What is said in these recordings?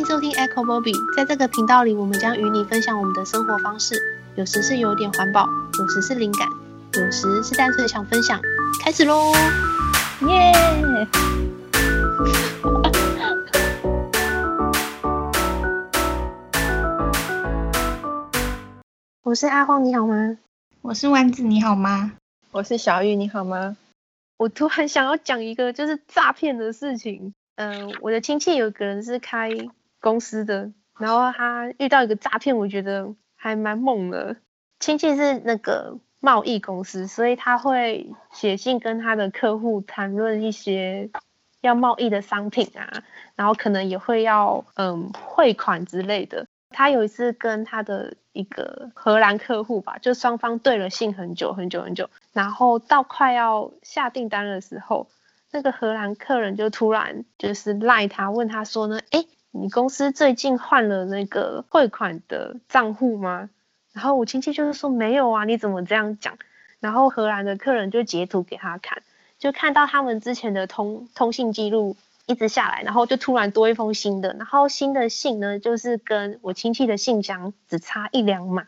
歡迎收聽 Echo Bobby，在這個頻道裡，我們將與你分享我們的生活方式。有時是有點環保，有時是靈感，有時是單純想分享。開始嘍，耶、yeah! 我是阿荒，你好嗎？我是丸子，你好嗎？我是小玉，你好嗎？我突然想要講一個就是詐騙的事情。嗯、呃，我的親戚有個人是開公司的，然後他遇到一個詐騙，我覺得還蠻猛的。親戚是那個貿易公司，所以他會寫信跟他的客戶談論一些要貿易的商品啊，然後可能也會要嗯匯款之類的。他有一次跟他的一個荷蘭客戶吧，就雙方對了信很久很久很久，然後到快要下訂單的時候，那個荷蘭客人就突然就是賴他，問他說呢，誒你公司最近換了那個匯款的賬戶嗎？然後我親戚就是說沒有啊，你怎麼這樣講？然後荷蘭的客人就截圖給他看，就看到他們之前的通通信記錄一直下來，然後就突然多一封新的，然後新的信呢，就是跟我親戚的信箱只差一兩碼，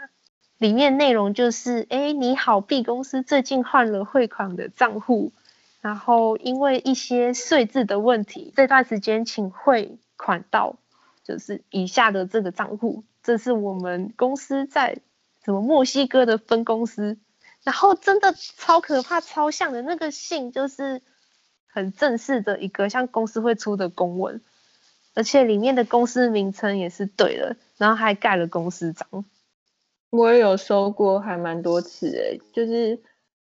裡面內容就是，誒、欸、你好，B 公司最近換了匯款的賬戶，然後因為一些稅制的問題，這段時間請匯。款到就是以下的這個賬戶，這是我們公司在什麼墨西哥的分公司。然後真的超可怕，超像的那個信，就是很正式的一個像公司會出的公文，而且裡面的公司名稱也是對的，然後還蓋了公司章。我也有收過，還蠻多次哎，就是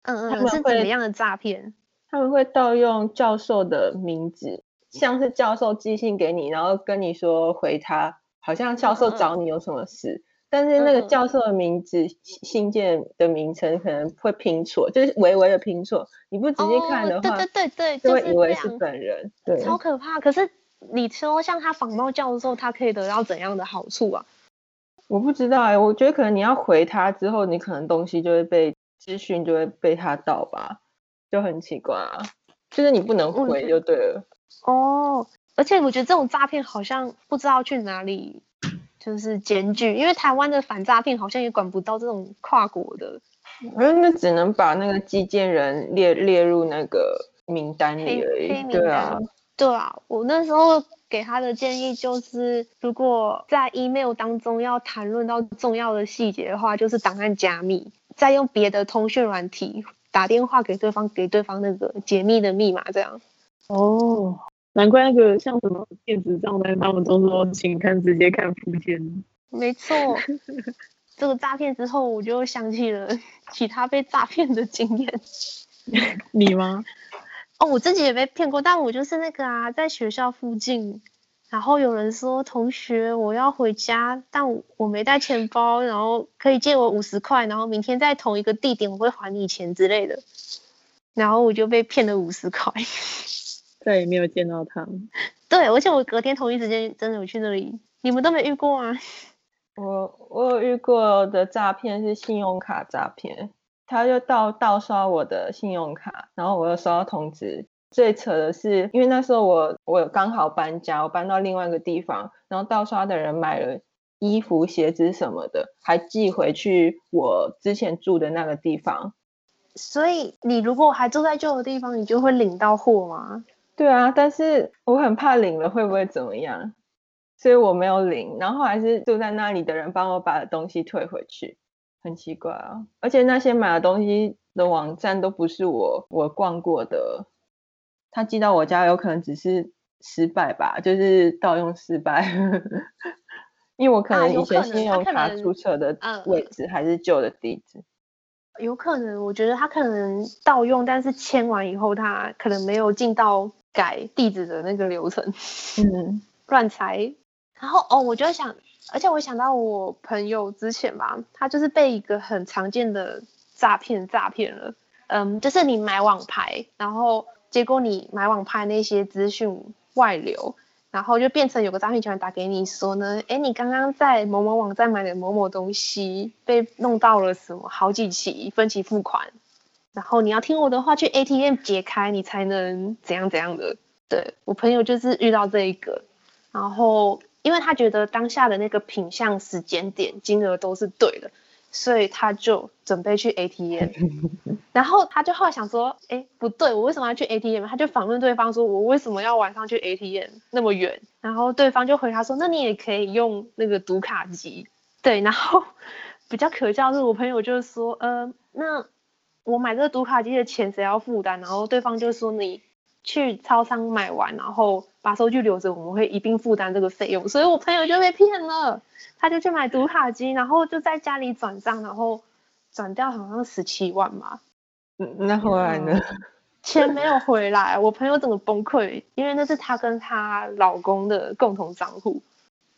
嗯嗯，他們是怎麼樣的詐騙？他們會盜用教授的名字。像是教授寄信給你，然後跟你說回他，好像教授找你有什麼事，嗯、但是那個教授的名字，信、嗯、件的名稱可能會拼錯，就是微微的拼錯、哦，你不直接看的話，對對對，對就以為是本人、就是，對，超可怕。可是你說像他仿冒教授，他可以得到怎樣的好處啊？我不知道哎、欸，我覺得可能你要回他之後，你可能東西就會被資訊就會被他盜吧，就很奇怪啊，就是你不能回就對了。嗯哦，而且我覺得這種詐騙好像不知道去哪裡，就是檢舉，因為台灣的反詐騙好像也管不到這種跨國的。嗯，那只能把那個寄件人列列入那個名單裡而已。黑黑名單。對啊，對啊，我那時候給他的建議就是，如果在 email 當中要談論到重要的細節的話，就是檔案加密，再用別的通訊軟體打電話給對方，給對方那個解密的密碼這樣。哦、oh，難怪那個像什麼電子賬單，他們都說請看直接看附件。沒錯， 這個詐騙之後我就想起了其他被詐騙的經驗。你嗎？哦，我自己也被騙過，但我就是那個啊，在學校附近，然後有人說同學，我要回家，但我沒帶錢包，然後可以借我五十塊，然後明天在同一個地點我會還你錢之類的，然後我就被騙了五十塊。對，沒有見到他們。對，而且我隔天同一時間真的有去那裡，你們都沒遇過啊？我我有遇過的詐騙是信用卡詐騙，他就盜盜刷我的信用卡，然後我又收到通知。最扯的是，因為那時候我我剛好搬家，我搬到另外一個地方，然後盜刷的人買了衣服、鞋子什麼的，還寄回去我之前住的那個地方。所以你如果還住在舊的地方，你就會領到貨嗎？對啊，但是我很怕領了會不會怎麼樣，所以我沒有領。然後還是住在那裡的人幫我把東西退回去，很奇怪啊、哦。而且那些買的東西的網站都不是我我逛過的，他寄到我家有可能只是失敗吧，就是盜用失敗。 因為我可能以前信用卡註冊的位置還是舊的地址、啊。有可能，我覺得他可能盜用，但是簽完以後他可能沒有進到。改地址的那個流程，嗯，亂猜，然後哦，我就想，而且我想到我朋友之前吧，他就是被一個很常見的詐騙詐騙了，嗯，就是你買網拍，然後結果你買網拍那些資訊外流，然後就變成有個詐騙集團打給你說呢，誒、欸、你剛剛在某某網站買的某某東西被弄到了什麼，好幾期分期付款。然後你要聽我的話，去 ATM 解開，你才能怎樣怎樣的。對，我朋友就是遇到這一個，然後因為他覺得當下的那個品相、時間點、金額都是對的，所以他就準備去 ATM， 然後他就後來想說，哎，不對，我為什麼要去 ATM？他就反問對方說，我為什麼要晚上去 ATM 那麼遠？然後對方就回他說，那你也可以用那個讀卡機，對。然後比較可笑的是，我朋友就說，嗯、呃、那。我買這個讀卡機的錢誰要負擔？然後對方就說，你去超商買完，然後把收據留着，我們會一併負擔這個費用。所以我朋友就被騙了，他就去買讀卡機，然後就在家裡轉賬，然後轉掉好像十七萬嘛。嗯，那後來呢？嗯，錢沒有回來，我朋友整個崩潰，因為那是他跟他老公的共同賬戶。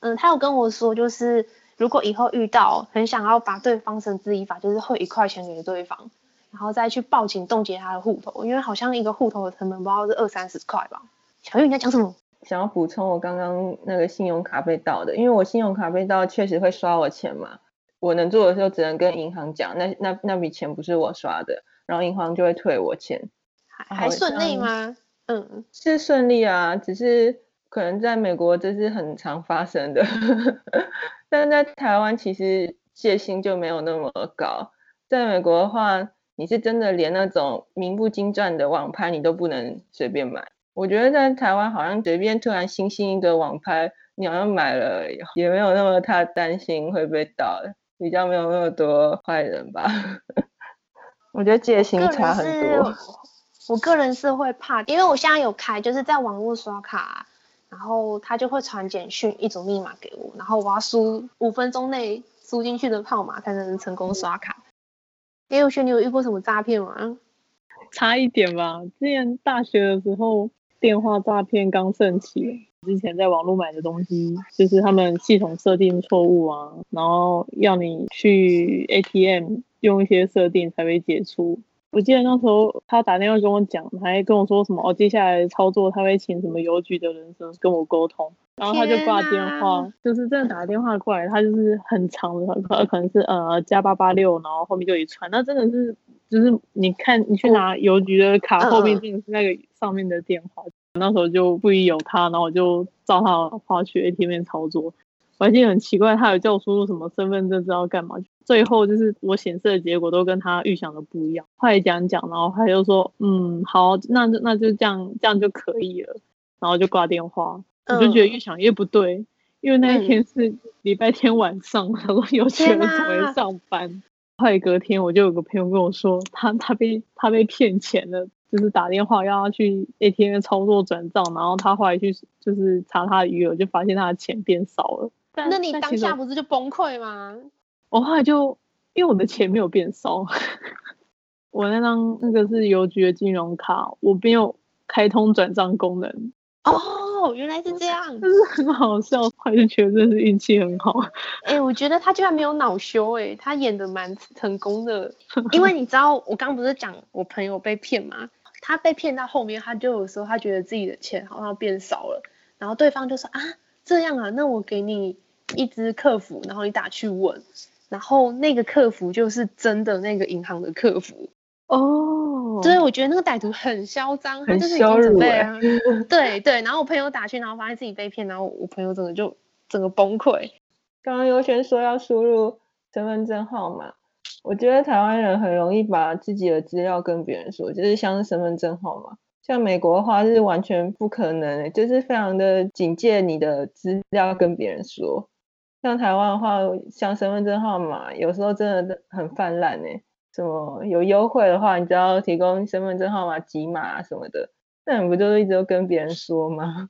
嗯，他有跟我說，就是如果以後遇到很想要把對方繩之以法，就是匯一塊錢給對方。然後再去報警凍結他的戶頭，因為好像一個戶頭的成本不知道是二三十塊吧。小玉，你在講什麼？想要補充我剛剛那個信用卡被盜的，因為我信用卡被盜確實會刷我錢嘛。我能做的時候只能跟銀行講，嗯、那那那筆錢不是我刷的，然後銀行就會退我錢。還還順利嗎？嗯，是順利啊，只是可能在美國這是很常發生的， 但在台灣其實戒心就沒有那麼高。在美國的話。你是真的連那種名不經傳的網拍你都不能隨便買？我覺得在台灣好像隨便突然新興一個網拍，你好像買了也沒有那麼太擔心會被盜，比較沒有那麼多壞人吧。我覺得戒心差很多。我我。我個人是會怕，因為我現在有開，就是在網絡刷卡，然後他就會傳簡訊一組密碼給我，然後我要輸五分鐘內輸進去的號碼才能成功刷卡。也有說，你有遇過什麼詐騙嗎？差一點吧，之前大學的時候，電話詐騙剛盛起，之前在網絡買的東西，就是他們系統設定錯誤啊，然後要你去 ATM 用一些設定才會解除。我記得那時候他打電話跟我講，還跟我說什麼，哦，接下來操作他會請什麼郵局的人士跟我溝通。然後他就掛電話，就是這樣打個電話過來，他就是很長的，他可能是呃加八八六，然後後面就一串，那真的是，就是你看你去拿郵局的卡，哦，後面就是那個上面的電話。哦、那時候就不疑有他，然後我就照他的話去 ATM 操作。我還記得很奇怪，他有叫我輸入什麼身份證，知道幹嘛？最後就是我顯示的結果都跟他預想的不一樣，後來講一講，然後他就說嗯好，那就那就這樣，這樣就可以了，然後就掛電話。我就覺得越想越不對，因為那一天是禮拜天晚上，嗯、然後郵局人怎麼會上班？後來隔天我就有個朋友跟我說，他他被他被騙錢了，就是打電話要他去 ATM 操作轉賬，然後他後來去就是查他的餘額，我就發現他的錢變少了那。那你當下不是就崩潰嗎？我後來就因為我的錢沒有變少， 我那張那個是郵局的金融卡，我沒有開通轉賬功能。哦、oh!。哦，原來是這樣，就是很好笑，還是覺得真是運氣很好。哎、欸，我覺得他居然沒有惱羞、欸，哎，他演得蠻成功的。因為你知道， 我剛不是講我朋友被騙嘛，他被騙到後面，他就有時候他覺得自己的錢好像變少了，然後對方就說啊，這樣啊，那我給你一支客服，然後你打去問，然後那個客服就是真的那個銀行的客服哦。對，我覺得那個歹徒很囂張，他就是準備很羞辱、欸。 對對，然後我朋友打去，然後發現自己被騙，然後我朋友整個就整個崩潰。剛剛尤萱說要輸入身份證號碼，我覺得台灣人很容易把自己的資料跟別人說，就是像是身份證號碼，像美國的話是完全不可能，就是非常的警戒，你的資料跟別人說。像台灣的話，像身份證號碼，有時候真的很泛濫呢、欸。有優惠的話，你只要提供身份證號碼、籍碼、啊、什麼的，那你不就一直都跟別人說嗎？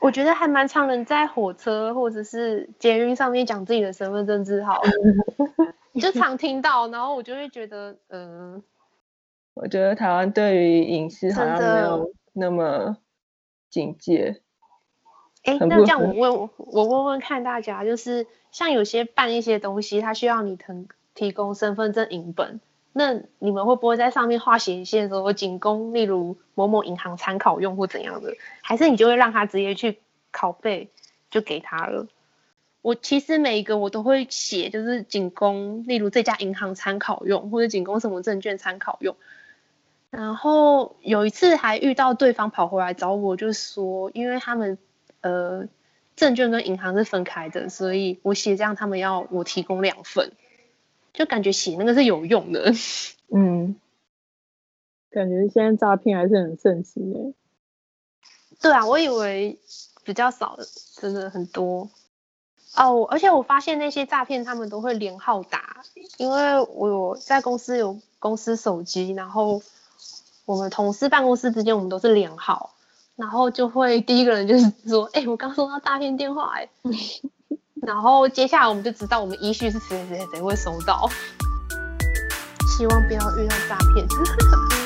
我覺得還蠻常人在火車或者是捷運上面講自己的身份證字號，你 就常聽到，然後我就會覺得，嗯、 呃，我覺得台灣對於隱私好像沒有那麼警戒。哎、欸，那這樣我問我，我問問看大家，就是像有些辦一些東西，它需要你騰。提供身份證影本，那你們會不會在上面畫斜線說僅供例如某某銀行參考用或怎樣的？還是你就會讓他直接去拷貝就給他了？我其實每一個我都會寫，就是僅供例如這家銀行參考用，或者僅供什麼證券參考用。然後有一次還遇到對方跑回來找我，就說因為他們呃證券跟銀行是分開的，所以我寫這樣他們要我提供兩份。就感覺洗那個是有用的，嗯，感覺現在詐騙還是很盛行的。對啊，我以為比較少的，真的很多。哦，而且我發現那些詐騙他們都會連號打，因為我在公司有公司手機，然後我們同事辦公室之間我們都是連號，然後就會第一個人就是說，哎、嗯欸，我剛收到詐騙電話、欸，哎。然後接下來我們就知道我們依序是誰誰、誰誰誰會收到。希望不要遇到詐騙。